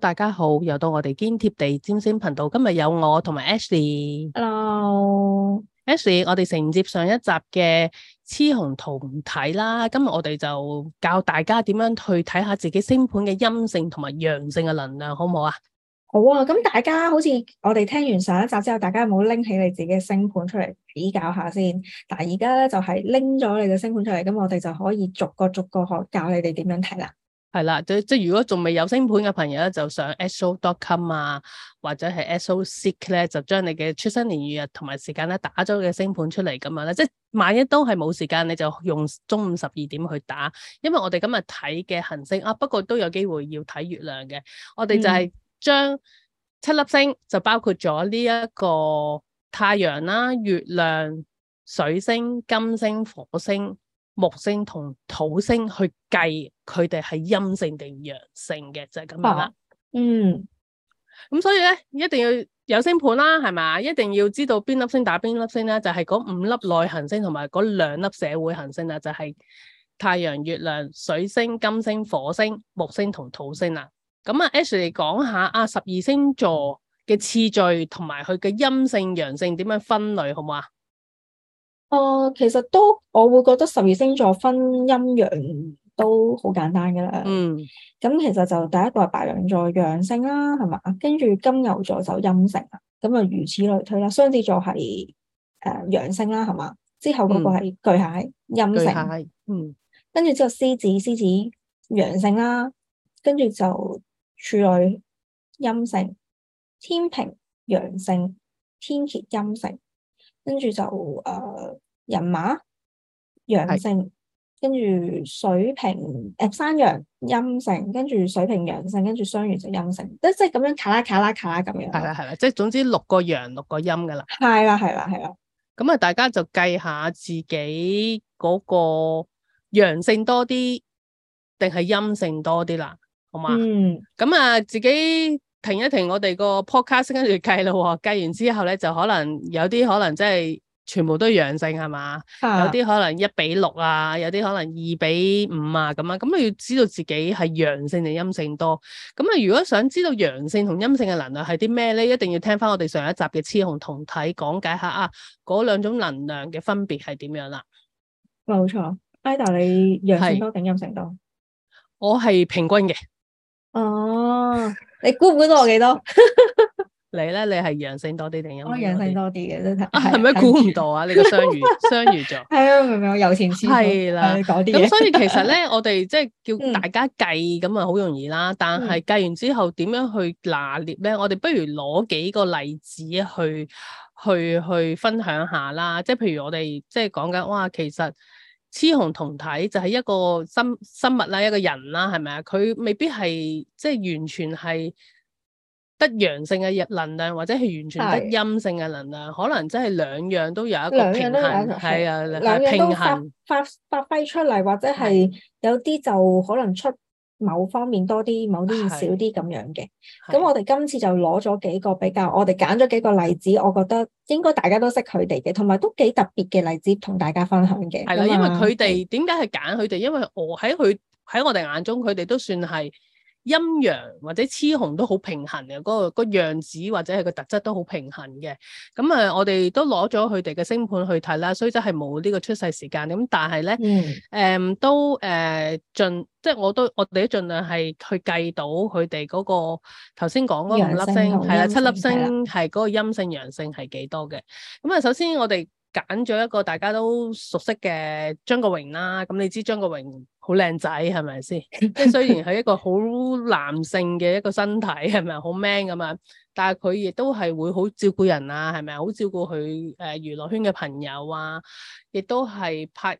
大家好，又到我哋堅貼地占星頻道。今日有我同埋 Ashley。Hello，Ashley，我哋承接上一集嘅雌雄同體啦。今日我哋就教大家點樣去睇下自己星盤嘅陰性同埋陽性嘅能量，好唔好啊？好啊。咁大家好似我哋聽完上一集之後，大家有冇拎起你自己嘅星盤出嚟比較下先？但係而家咧就係拎咗你嘅星盤出嚟，咁我哋就可以逐個逐個學教你哋點樣睇啦。係啦，即，即如果仲未有星盤嘅朋友咧，就上 so.com 啊，或者係 so seek 咧，就將你嘅出生年月日同埋時間咧打咗嘅星盤出嚟。咁啊，即萬一都係冇時間，你就用中午十二點去打，因為我哋今日睇嘅行星啊，不過都有機會要睇月亮嘅，我哋就係將七粒星就包括咗呢一個太陽啦、月亮、水星、金星、火星。木星同土星去計佢哋係陰性定陽性嘅，就係咁樣啦。嗯，咁所以咧一定要有星盤啦，係咪？一定要知道邊粒星打邊粒星咧，就係嗰五粒內行星同埋嗰兩粒社會行星啦，就係太陽、月亮、水星、金星、火星、木星同土星啦。咁啊，Ashley 講下啊，十二星座嘅次序同埋佢嘅陰性陽性點樣分類，好唔好啊？啊，其實都我會覺得十二星座分陰陽都好簡單噶啦。嗯，咁其實就第一個係白羊座陽性啦，係嘛？跟住金牛座就陰性，咁啊如此類推啦。雙子座係誒陽性啦，係嘛？之後嗰個係巨蟹陰性，蟹嗯。跟住之後獅子，獅子陽性啦，跟住就處女陰性，天秤陽性，天蠍陰性，跟住就誒。呃人馬陽性，跟住是水瓶誒山羊陰性，跟住水瓶陽性，跟住雙魚就陰性，即係咁樣卡啦卡啦卡啦咁樣。係啦係啦，即係總之六個陽六個陰噶啦。係啦係啦係啦，咁啊大家就計下自己嗰個陽性多啲，定係陰性多啲啦，好嘛？嗯，咁啊自己停一停我哋個 Podcast，跟住計咯。計完之後咧，就可能有啲可能真係。全部都陽性係嘛？的有啲可能一比六啊，有啲可能二比五啊咁啊。咁你要知道自己係陽性定陰性多。咁啊，如果想知道陽性同陰性嘅能量係啲咩咧，一定要聽翻我哋上一集嘅雌雄同體講解下啊，嗰兩種能量嘅分別係點樣啦，啊？冇錯，Ida 你陽性多定是陰性多？我係平均嘅。哦，你估唔估到我幾多？ 你咧，你係陽性多啲定陰性多啲？我陽性多啲嘅，都係咪估唔到啊？ 你個雙魚雙魚座。係 啊，明明我有錢先。係啦，啲咁所以其實咧，我哋即係叫大家計咁啊，好容易啦。但係計完之後，點樣去拿捏咧？我哋不如攞幾個例子去去去分享下啦。即係譬如我哋即係講緊，哇，其實雌雄同體就係一個生生物啦，嗯、一個人啦，係咪啊？佢未必係即係完全係。得陽性嘅日能量，或者係完全得陰性嘅能量，的可能真係兩樣都有一個平衡，係啊，平衡發，發揮出嚟，或者係有啲就可能出某方面多啲，某啲少啲咁樣嘅。咁的我哋今次就攞咗幾個比較，我哋揀咗幾個例子，我覺得應該大家都識佢哋嘅，同埋都幾特別嘅例子同大家分享嘅。係啦的麼，因為佢哋點解係揀佢哋？因為我喺佢喺我哋眼中，佢哋都算係。陰陽或者雌雄都好平衡嘅，嗰、嗰個、嗰個樣子或者係個特質都好平衡嘅。咁誒，我哋都攞咗佢哋嘅星盤去睇啦，雖則係冇呢個出世時間，咁但係咧，誒、嗯嗯、都誒、呃、盡，即係我都我哋都盡量係去計到佢哋嗰個頭先講嗰五粒星，係啦、啊、七粒星係嗰個陰性陽性係幾多嘅。咁啊，首先我哋。揀咗一個大家都熟悉嘅張國榮啦，咁你知張國榮好靚仔係咪先？是是 即係雖然係一個好男性嘅一個身體係咪好 man 咁樣，但係佢亦都係會好照顧人啊，係咪好照顧佢誒娛樂圈嘅朋友啊，亦都係拍。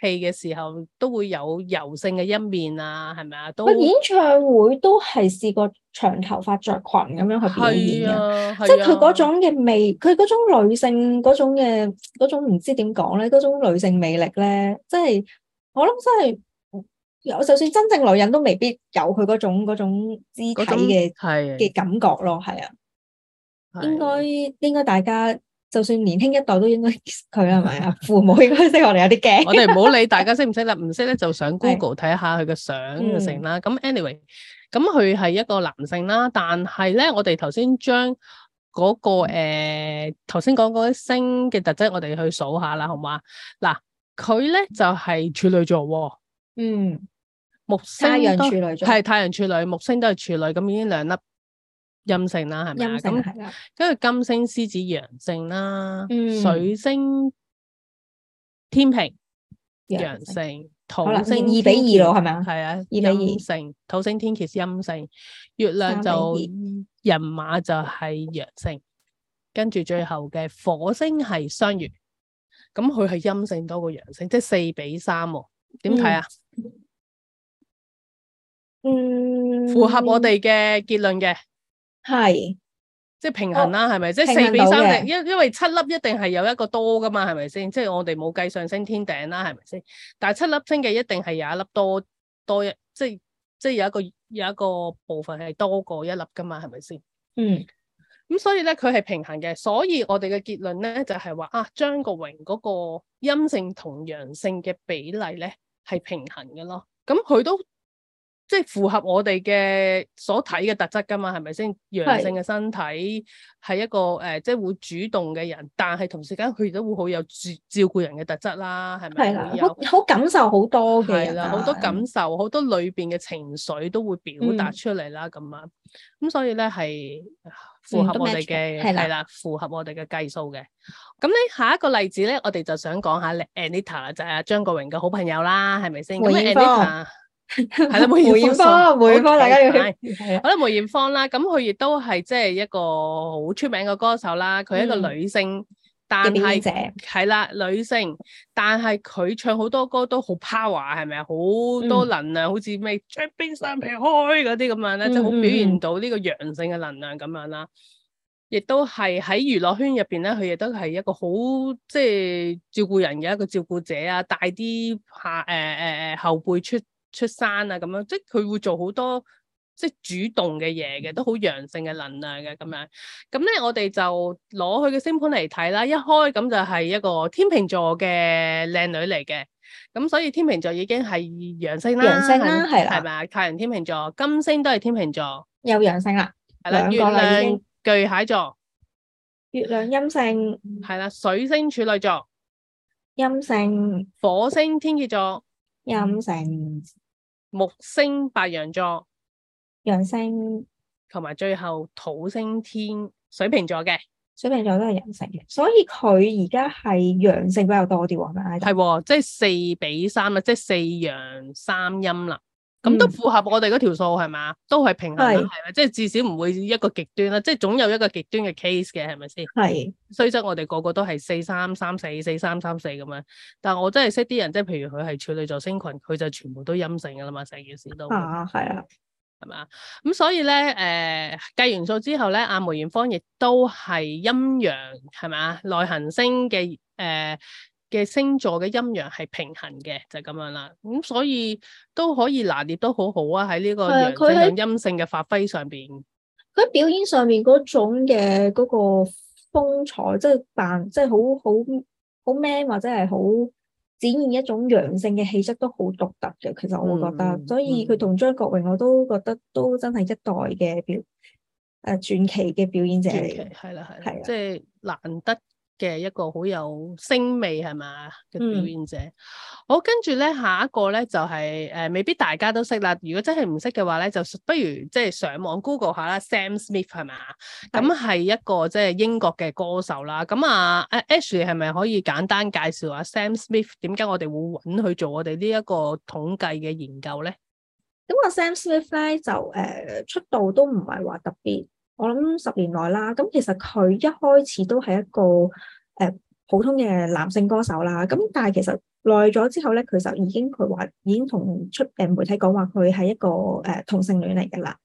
戲嘅時候都會有柔性嘅一面啊，係咪啊？都演唱會都係試過長頭髮着裙咁樣去表演嘅。啊啊、即係佢嗰種嘅美，佢嗰種女性嗰種嘅嗰種唔知點講咧，嗰種女性魅力咧，即係我諗真係有，就算真正女人都未必有佢嗰種嗰種肢體嘅係嘅感覺咯，係啊的，應該應該大家，就算年輕一代都應該識佢係咪啊？父母應該識，我哋有啲驚。 我哋唔好理大家識唔識啦，唔識咧，就上 Google 睇下佢嘅相就成啦。咁 anyway，咁佢係一個男性啦，但係咧我哋頭先將嗰個誒，頭先講嗰啲星嘅特質，我哋去數下啦，好嘛？嗱，佢咧就係處女座，嗯，木星太陽處女座，係太陽處女，木星都係處女，咁已經兩粒。陰性啦，係咪啊？咁跟住金星獅子陽性啦，水星天平陽性，土星二比二咯，係咪啊？係啊，二比二性，土星天蠍陰性，月亮就人馬就係陽性，跟住最後嘅火星係雙魚，咁佢係陰性多過陽性，即係四比三喎，點睇啊？嗯，符合我哋嘅結論嘅。係，是即係平衡啦，係咪、哦？即係四比三定，因因為七粒一定係有一個多噶嘛，係咪先？即係我哋冇計上升天頂啦，係咪先？但係七粒星嘅一定係有一粒多多一，即係即係有一個有一個部分係多過一粒噶嘛，係咪先？嗯，咁所以咧，佢係平衡嘅，所以我哋嘅結論咧就係、是、話啊，張國榮嗰個陰性同陽性嘅比例咧係平衡嘅咯，咁佢都。即係符合我哋嘅所睇嘅特質㗎嘛，係咪先？陽性嘅身體係是一個誒、呃，即係會主動嘅人，但係同時間佢都會好有照照顧人嘅特質啦，係咪？係啦的，好感受好多嘅、啊，好多感受，好多裏邊嘅情緒都會表達出嚟啦，咁啊、嗯，咁所以咧係符合我哋嘅係啦，符合我哋嘅計數嘅。咁咧的的下一個例子咧，我哋就想講下 Anita 就係阿張國榮嘅好朋友啦，係咪先？咁 Anita。係啦， 梅艷芳， 梅艷芳，大家要，好啦 梅艷芳啦，咁佢亦都係即係一個好出名嘅歌手啦。佢係一個女性，嗯、但係係啦，女性，但係佢唱好多歌都好 power，係咪啊？好多能量，嗯、好似咩《追兵上皮開》嗰啲咁樣咧，就好表現到呢個陽性嘅能量咁樣啦。亦都係喺娛樂圈入邊咧，佢亦都係一個好即係照顧人嘅一,一個照顧者啊，帶啲下誒誒誒後輩、呃後輩呃、出。出山啊，咁樣即係佢會做好多即係主動嘅嘢嘅，都好陽性嘅能量嘅咁樣。咁咧我哋就攞佢嘅星盤嚟睇啦，一開咁就係一個天秤座嘅靚女嚟嘅。咁所以天秤座已經係陽性啦，陽性啦，係啦，係咪啊？太陽天秤座，金星都係天秤座，又陽性啦。係啦，月亮巨蟹座，月亮陰性，係啦，水星處女座，陰性，火星天蠍座，陰性。木星白羊座，陽星，同埋最後土星天水瓶座嘅，水瓶座，水瓶座都係陽性嘅，所以佢而家係陽性比較多啲喎，係咪係，即係四比三啊，即係四陽三陰啦。咁、嗯、都符合我哋嗰條數係嘛，都係平衡嘅是，即係至少唔會一個極端啦，即係總有一個極端嘅 case 嘅，係咪先？係是，雖則我哋個個都係四三三四四三三四咁樣，但係我真係識啲人，即係譬如佢係處女座星群，佢就全部都陰性噶啦嘛，成件事都啊係啊，係嘛、啊，咁所以咧，誒、呃、計完數之後咧，阿梅艷芳亦都係陰陽係嘛，內行星嘅誒。呃嘅星座嘅陰陽係平衡嘅，就咁樣啦。咁、嗯、所以都可以拿捏得好好啊，喺呢個陽陰性嘅發揮上邊。佢表演上面嗰種嘅嗰個風采，即係扮，即係好好好 man 或者係好展現一種陽性嘅氣質，都好獨特嘅。其實我會覺得，嗯、所以佢同張國榮我都覺得都真係一代嘅表誒傳奇嘅表演者嚟嘅，係啦係啦，即係難得。嘅一個好有聲味係嘛嘅表演者。嗯、好，跟住咧下一個咧就係、是、誒、呃、未必大家都識啦。如果真係唔識嘅話咧，就不如即係上網 Google 下啦。Sam Smith 係嘛？咁係是一個即係英國嘅歌手啦。咁啊 Ash，係咪可以簡單介紹下、啊、Sam Smith 點解我哋會揾佢做我哋呢一個統計嘅研究咧？咁啊 Sam Smith 咧就誒、呃、出道都唔係話特別。我諗十年內啦，咁其實佢一開始都係一個誒、呃、普通嘅男性歌手啦，咁但係其實耐咗之後咧，佢就已經佢話已經同出誒媒體講話佢係一個誒、呃、同性戀嚟㗎啦，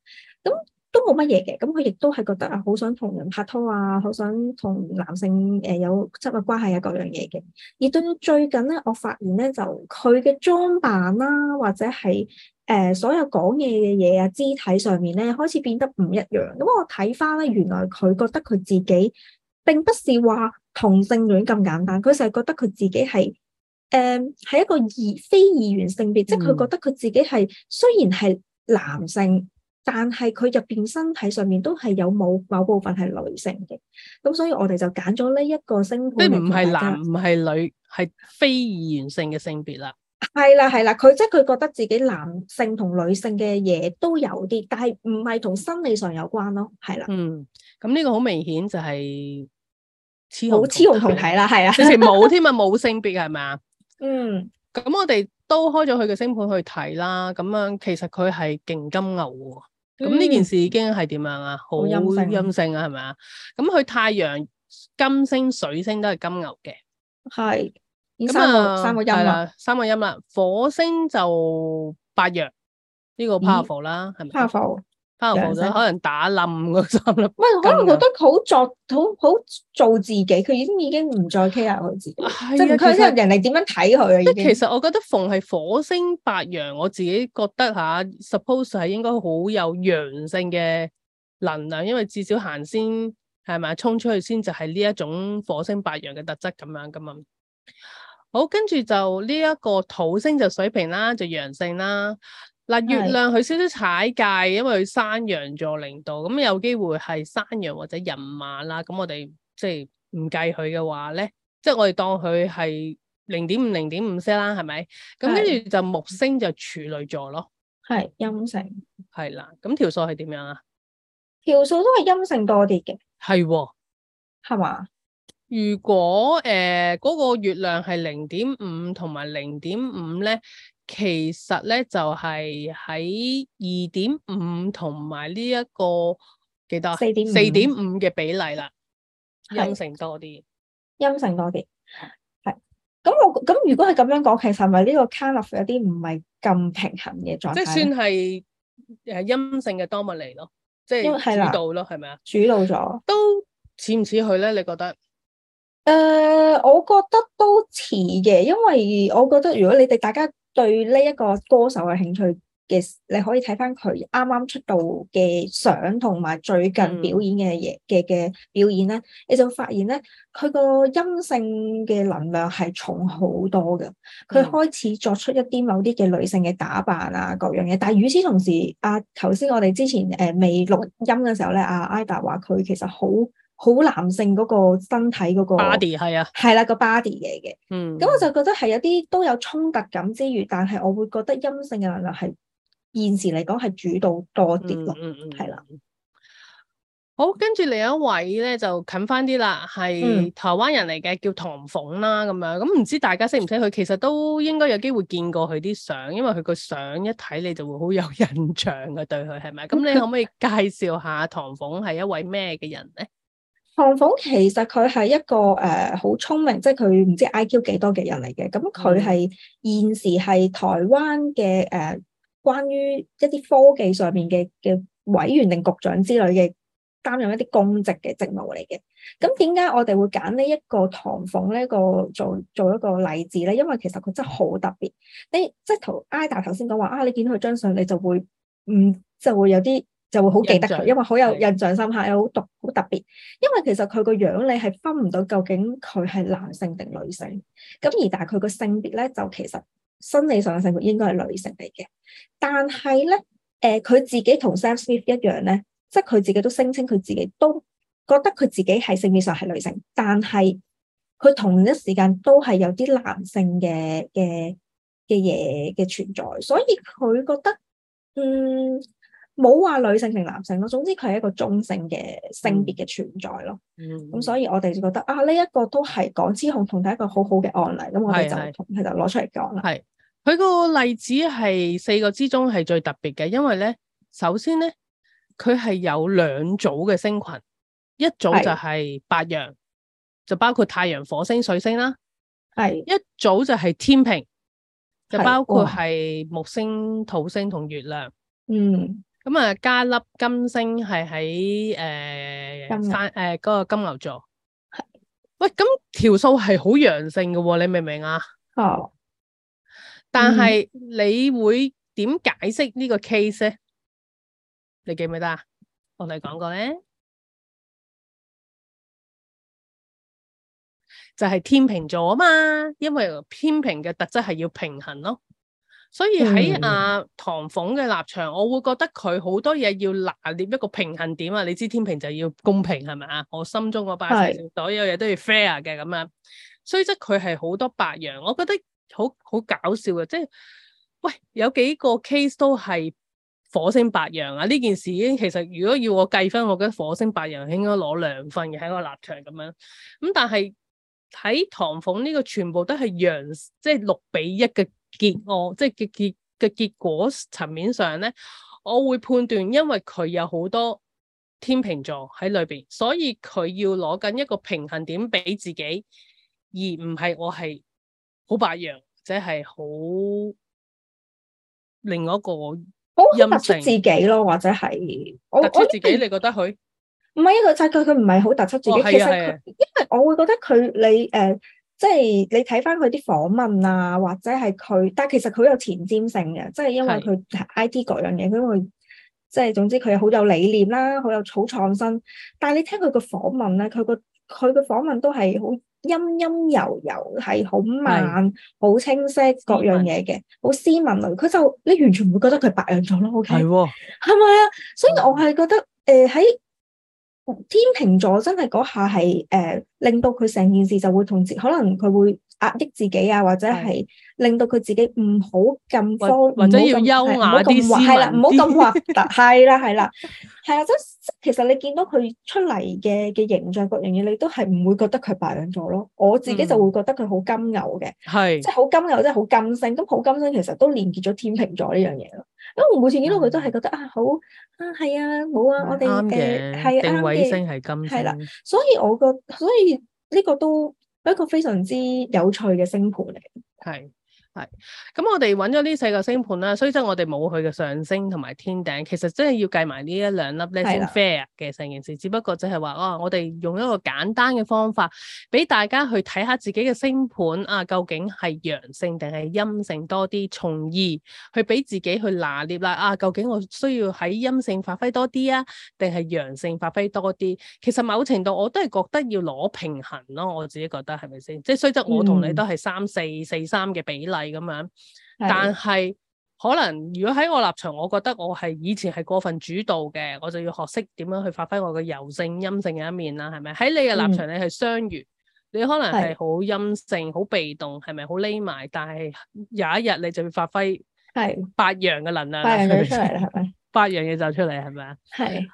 咁。都冇乜嘢嘅，咁佢亦都係覺得啊，好想同人拍拖啊，好想同男性誒有親密關係啊，各樣嘢嘅。而到最近咧，我發現咧就佢嘅裝扮啦、啊，或者係誒、呃、所有講嘢嘅嘢啊，肢體上面咧開始變得唔一樣。咁我睇翻咧，原來佢覺得佢自己並不是話同性戀咁簡單，佢就係覺得佢自己係誒係一個異非二元性別，嗯、即係佢覺得佢自己係雖然係男性。但係佢入邊身體上面都係有冇某部分係女性嘅，咁所以我哋就揀咗呢一個星盤，即是是。即唔係男唔係女，係非二元性嘅性別啦。係啦係啦，佢即係佢覺得自己男性同女性嘅嘢都有啲，但係唔係同生理上有關咯。係啦。嗯，咁呢個好明顯就係、係、冇雌雄同體啦，係啊，直情冇添啊，冇性別係咪？嗯，咁我哋都開咗佢嘅星盤去睇啦，咁樣其實佢係勁金牛。咁呢、嗯、件事已經係點樣啊？好陰性，性啊，係咪啊？咁佢太陽金星水星都係金牛嘅，係咁是啊，三個，三個陰啦，三個陰啦，火星就白羊呢、呢個 powerful 啦，係咪？powerful。吧可能打冧個心啦，唔係，可能覺得好作，好好做自己，佢已經已經唔再 care 佢自己，的即係佢人哋點樣睇佢。即係其實經其實我覺得逢係火星白羊，我自己覺得吓、啊，suppose 係應該好有陽性嘅能量，因為至少行先係咪啊？衝出去先就係呢一種火星白羊嘅特質咁樣噶嘛。好，跟住就呢一、這個土星就水瓶啦，就陽性啦。嗱，月亮佢少少踩界，因為佢山羊座零度，咁有機會係山羊或者人馬啦。咁我哋即係唔計佢嘅話咧，即係我哋當佢係零點五、零點五些啦，係咪？咁跟住就木星就處女座咯，係陰性，係啦。咁條數係點樣啊？條數都係陰性多啲嘅，係喎、啊，係嘛吧？如果誒嗰、呃那個月亮係零點五同埋零點五咧？其實咧就係喺二點五同埋呢一個幾多啊四點四點五嘅比例啦，陰是性多啲，陰性多啲，係咁我咁如果係咁樣講，其實係咪呢個卡納夫有啲唔係咁平衡嘅狀態，即係算係誒陰性嘅多物嚟咯，即係主導咯，係咪啊？吧主導咗都似唔似佢咧？你覺得？誒、呃，我覺得都似嘅，因為我覺得如果你哋大家。對呢一個歌手嘅興趣嘅，你可以睇翻佢啱啱出道嘅相，同埋最近表演嘅嘢嘅嘅表演咧，嗯、你就發現咧，佢個陰性嘅能量係重好多嘅，佢開始作出一啲某啲嘅女性嘅打扮啊，各樣嘢。但係與此同時，阿頭先我哋之前誒未、呃、錄音嘅時候咧，阿 ida 話佢其實好。好男性嗰個身體嗰、那個啊啊、個 body 係啊係啦個 body 嚟嘅。咁、嗯、我就覺得係有啲都有衝突感之馀，但係我會覺得陰性嘅能量係現時嚟講係主導多啲咯，係啦、嗯嗯。啊、好，跟住另一位咧就近翻啲啦，係台灣人嚟嘅，叫唐鳳啦咁樣。咁、嗯、唔知大家識唔識佢？其實都應該有機會見過佢啲相，因為佢個相一睇你就會好有印象嘅。對佢係咪？咁你可唔可以介紹下唐鳳係一位咩嘅人咧？ 唐鳳其實佢係一個誒好聰明，即係佢唔知 I.Q 幾多嘅人嚟嘅。咁佢係現時係台灣嘅誒，關於一啲科技上面嘅嘅委員定局長之類嘅擔任一啲公職嘅職務嚟嘅。咁點解我哋會揀呢一個唐鳳呢一個做做一個例子咧？因為其實佢真係好特別。你即係同 Ida 頭先講話啊，你見到佢張相你就會唔就會有啲。就會好記得佢，印象因為好有印象深刻，又好獨好特別。因為其實佢個樣你係分唔到究竟佢係男性定女性？咁而但係佢個性別咧，就其實生理上嘅性別應該係女性嚟嘅。但係咧，誒、呃、佢自己同 Sam Smith 一樣咧，即係佢自己都聲稱佢自己都覺得佢自己係性別上係女性，但係佢同一時間都係有啲男性嘅嘅嘅嘢嘅存在。所以佢覺得，嗯。冇話女性定男性咯，總之佢係一個中性嘅性別嘅存在咯。嗯，咁、嗯、所以我哋就覺得啊，呢、這、一個都係講之控同第一個好好嘅案例。咁我哋就其實攞出嚟講啦。係佢個例子係四個之中係最特別嘅，因為咧，首先咧，佢係有兩組嘅星群，一組就係白羊，就包括太陽、火星、水星啦。係是一組就係天平，是就包括係木星、哦、土星同月亮。嗯。咁啊，加粒金星係喺誒山誒嗰個金牛座。喂，咁條數係好陽性嘅喎，你明唔明啊？哦。但係你會點解釋呢個 case 咧？你記唔記得啊？我哋講過咧，就係天秤座啊嘛，因為天秤嘅特質係要平衡咯。所以喺啊唐鳳嘅立場，我會覺得佢好多嘢要拿捏一個平衡點啊！你知天平就要公平係咪啊？我心中個八成所有嘢都要 fair 嘅咁樣，所以即佢係好多白羊，我覺得好好搞笑嘅，即係喂有幾個 case 都係火星白羊啊！呢件事已經其實如果要我計分，我覺得火星白羊應該攞兩分嘅喺個立場咁樣，咁但係喺唐鳳呢個全部都係羊，即係六比一嘅。結我即係結結嘅結果層面上咧，我會判斷，因為佢有好多天秤座喺裏邊，所以佢要攞緊一個平衡點俾自己，而唔係我係好白羊，或者係好另外一個好突出自己咯，或者係突出自己。我你覺得佢唔係一個真嘅，佢唔係好突出自己。哦啊啊啊、其實因為我會覺得佢你誒。呃即係你睇翻佢啲訪問啊，或者係佢，但係其實佢好有前瞻性嘅，即係因為佢 ID 各樣嘢，因為即係總之佢好有理念啦，好有好創新。但係你聽佢個訪問咧，佢個佢個訪問都係好陰陰柔柔，係好慢，好的清晰各樣嘢嘅，好的斯文類。佢就你完全唔會覺得佢白人咗咯。O K 係喎，係咪啊？所以我係覺得誒喺。呃天秤座真係嗰下係誒，令到佢成件事就會同時，可能佢會。壓抑自己啊，或者係令到佢自己唔好咁慌，或者，或者要優雅咁斯文。係啦，唔好咁話，係 啦，係啦，係啊，即係其實你見到佢出嚟嘅嘅形象各樣嘢，你都係唔會覺得佢白羊座咯？我自己就會覺得佢好金牛嘅，係即係好金牛，即係好金星。咁好金星其實都連結咗天秤座呢樣嘢咯。因為我每次見到佢都係覺得的啊好啊係啊冇啊，我哋嘅係啱嘅，定衛星係金星係啦。所以我覺，所以呢個都。一個非常之有趣嘅星盤嚟嘅，係。係，咁我哋揾咗呢四個星盤啦，所以雖則我哋冇佢嘅上升同埋天頂，其實真係要計埋呢一兩粒呢先 fair 嘅成件事，只不過就係話，哦、啊，我哋用一個簡單嘅方法，俾大家去睇下自己嘅星盤啊，究竟係陽性定係陰性多啲，從而去俾自己去拿捏啦。啊，究竟我需要喺陰性發揮多啲啊，定係陽性發揮多啲？其實某程度我都係覺得要攞平衡咯，我自己覺得係咪先？即係雖則我同你都係三四四三嘅比例。嗯。咁樣，但係可能如果喺我立場，我覺得我係以前係過分主導嘅，我就要學識點樣去發揮我嘅柔性、陰性嘅一面啦，係咪？喺你嘅立場你，你係雙魚，你可能係好陰性、好的被動，係咪？好匿埋，但係有一日你就要發揮係八,的八樣嘅能量出嚟，係咪？八樣嘢就出嚟，係咪啊？係。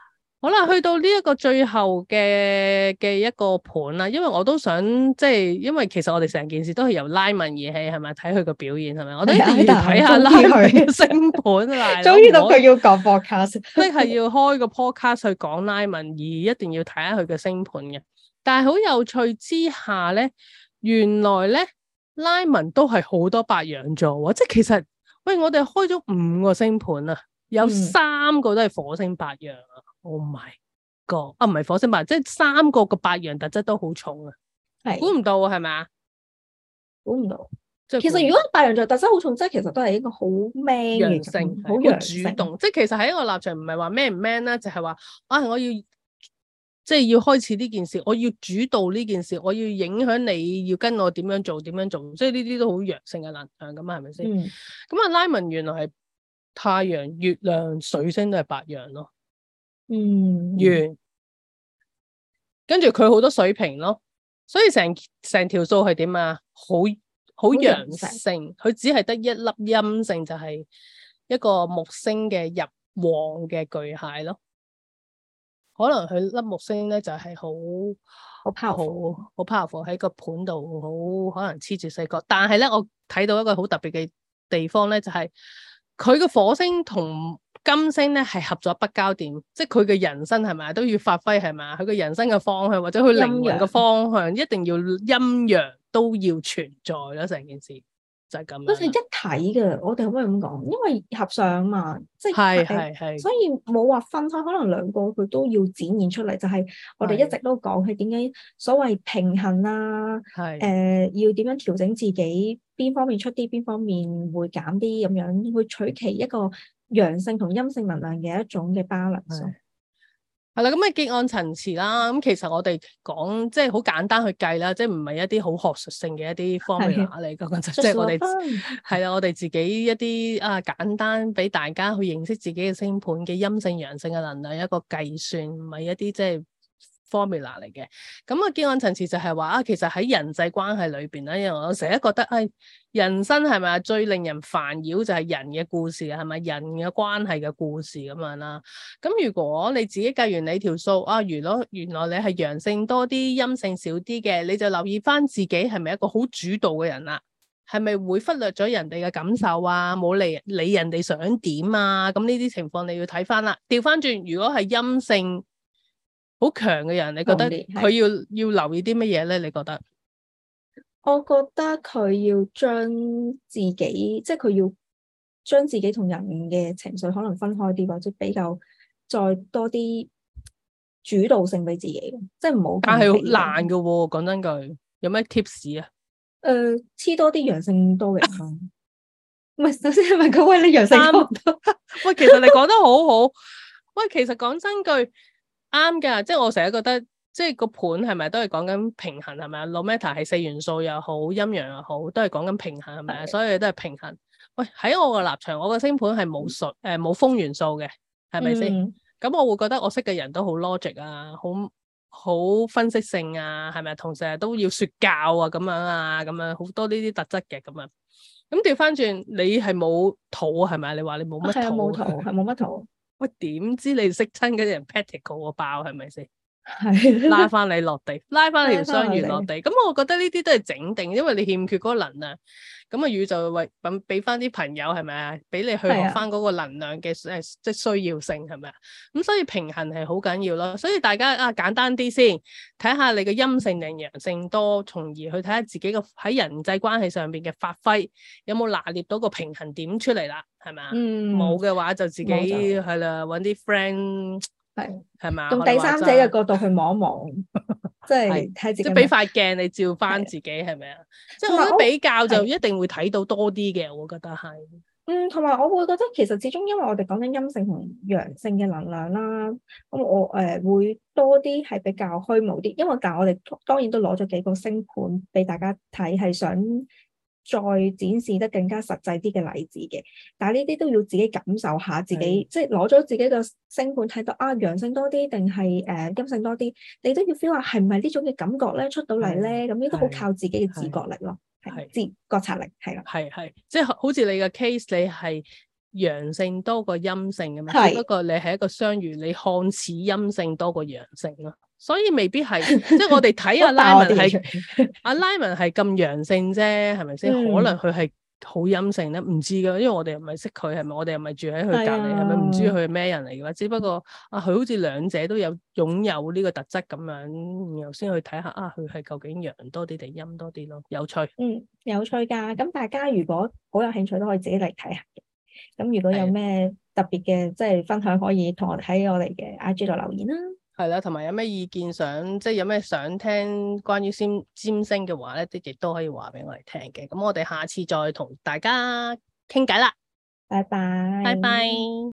好啦，去到呢一個最後嘅嘅一個盤啦，因為我都想即係，因為其實我哋成件事都係由拉文而起，係咪？睇佢個表現係咪？我哋一定要睇下拉佢嘅星盤啦。終於 到佢要講波卡 d 即係要開個 podcast 去講拉文而，一定要睇下佢嘅星盤嘅。但係好有趣之下咧，原來咧拉文都係好多白羊座，即係其實喂，我哋開咗五個星盤啊，有三個都係火星白羊啊。嗯哦，咪個、oh、啊，唔係火星吧？即係三個個白羊特質都好重啊，估唔到係咪？估唔到，到即到其實如果白羊座特質好重，即係其實都係一個好 man 陽性，好主動。即係其實喺一個立場 man man，唔係話 man 唔 man 啦，就係話啊，我要即係、就是、要開始呢件事，我要主導呢件事，我要影響你要跟我點樣做，點樣做。即係呢啲都好陽性嘅能量咁啊，係咪先？咁啊、嗯，Lyman 原來係太陽、月亮、水星都係白羊咯。嗯嗯、完，跟住佢好多水瓶咯，所以成成條數係點啊？好好陽性，佢只係得一粒陰性，陰性就係一個木星嘅入旺嘅巨蟹咯。可能佢粒木星咧就係好好 power，好 power 喺個盤度，好可能黐住四角。但係咧，我睇到一個好特別嘅地方咧，就係佢個火星同，金星咧係合咗北交點，即係佢嘅人生係咪都要發揮係咪，佢嘅人生嘅方向或者佢靈魂嘅方向一定要陰陽都要存在咯，成件事就係咁。佢係一體嘅，我哋可唔可以咁講？因為合上嘛，即係係係，所以冇話分開，可能兩個佢都要展現出嚟。就係、是、我哋一直都講係點樣所謂平衡啊，誒是、呃、要點樣調整自己，邊方面出啲，邊方面會減啲咁樣，會取其一個。陽性同陰性能量嘅一種嘅 balance 係啦，咁嘅結案層次啦。咁其實我哋講即係好簡單去計啦，即係唔係一啲好學術性嘅一啲 formula 嚟噶，咁的就即係我哋係啦，我哋自己一啲啊簡單俾大家去認識自己嘅星盤嘅陰性陽性嘅能量一個計算，唔係一啲即係。就是 formula 嚟嘅，咁啊，基安層次就係話啊，其實喺人際關係裏邊咧，因為我成日覺得，哎，人生係咪啊，最令人煩擾就係人嘅故事，是是故事啊，係咪人嘅關係嘅故事咁樣啦？咁如果你自己計完你條數啊，原來原來你係陽性多啲，陰性少啲嘅，你就留意翻自己係咪一個好主導嘅人啦，係咪會忽略咗人哋嘅感受啊，冇理理人哋想點啊？咁呢啲情況你要睇翻啦。調翻轉，如果係陰性。好強嘅人，你覺得佢要的要留意啲乜嘢咧？你覺得？我覺得佢要將自己，即係佢要將自己同人嘅情緒可能分開啲，或者比較再多啲主導性俾自己，即係唔好。但係好難嘅、啊，講真句，有咩 tips 啊？誒、呃，黐多啲陽性多嘅人，唔係， 首先係咪佢喂，你陽性多，多？ 喂，其實你講得好好。喂， 其實講真句。啱㗎，即係我成日覺得，即係個盤係咪都係講緊平衡係咪啊？No matter 係四元素又好，陰陽又好，都係講緊平衡係咪啊？是所有嘢都係平衡。喂，喺我個立場，我個星盤係冇水誒，冇風、嗯呃、元素嘅，係咪先？咁、嗯、我會覺得我識嘅人都好 logic 啊，好好分析性啊，係咪？同時都要說教啊，咁樣啊，咁樣好多呢啲特質嘅咁啊。咁調翻轉，你係冇土係咪啊？你話你冇乜土？係冇土，係冇乜土。喂，點知你識親嗰啲人 paticle 個、啊、爆係咪先？係 拉翻你落地，拉翻你條雙魚落地。咁我覺得呢啲都係整定，因為你欠缺嗰個能量，咁、那、啊、個、宇宙會揾俾翻啲朋友係咪啊，俾你去學翻嗰個能量嘅誒，即係需要性係咪啊？咁的所以平衡係好緊要咯。所以大家啊，簡單啲先，睇下你嘅陰性定陽性多，從而去睇下自己個喺人際關係上邊嘅發揮有冇拿捏到個平衡點出嚟啦，係咪啊？冇嘅、嗯嗯、話就自己係啦，揾啲 friend。係，係嘛？用第三者嘅角度去望一望， 即係睇自己，即係俾塊鏡你照翻自己，係咪啊？即係我覺得比較就一定會睇到多啲嘅，我覺得係。嗯，同埋我會覺得其實始終因為我哋講緊陰性同陽性嘅能量啦，咁我誒、呃、會多啲係比較虛無啲，因為但係我哋當然都攞咗幾個星盤俾大家睇，係想。再展示得更加實際啲嘅例子嘅，但係呢啲都要自己感受下，自己的即係攞咗自己個星盤睇到啊，陽性多啲定係誒陰性多啲，你都要 feel 下係唔係呢種嘅感覺咧出到嚟咧，咁呢的都好靠自己嘅自覺力咯，的的自覺察力係啦，係係即係好似你嘅 case，你係。陽性多過陰性咁嘛。是只不過你係一個雙魚，你看似陰性多過陽性咯，所以未必係， 即係我哋睇下阿 Lyman 係阿 Lyman 係咁陽性啫，係咪先？可能佢係好陰性咧，唔知噶，因為我哋又唔係識佢，係咪？我哋又唔係住喺佢隔籬，係咪、啊？唔知佢係咩人嚟嘅話，只不過啊，佢好似兩者都有擁有呢個特質咁樣，然後先去睇下啊，佢係究竟陽多啲定陰多啲咯？有趣，嗯，有趣噶，咁大家如果好有興趣都可以自己嚟睇下。咁如果有咩特別嘅，的即係分享，可以同我喺我哋嘅 IG 度留言啦。係啦，同埋有咩意見想，即係有咩想聽關於占星嘅話咧，亦都可以話俾我哋聽嘅。咁我哋下次再同大家傾偈啦。拜拜 bye，拜拜。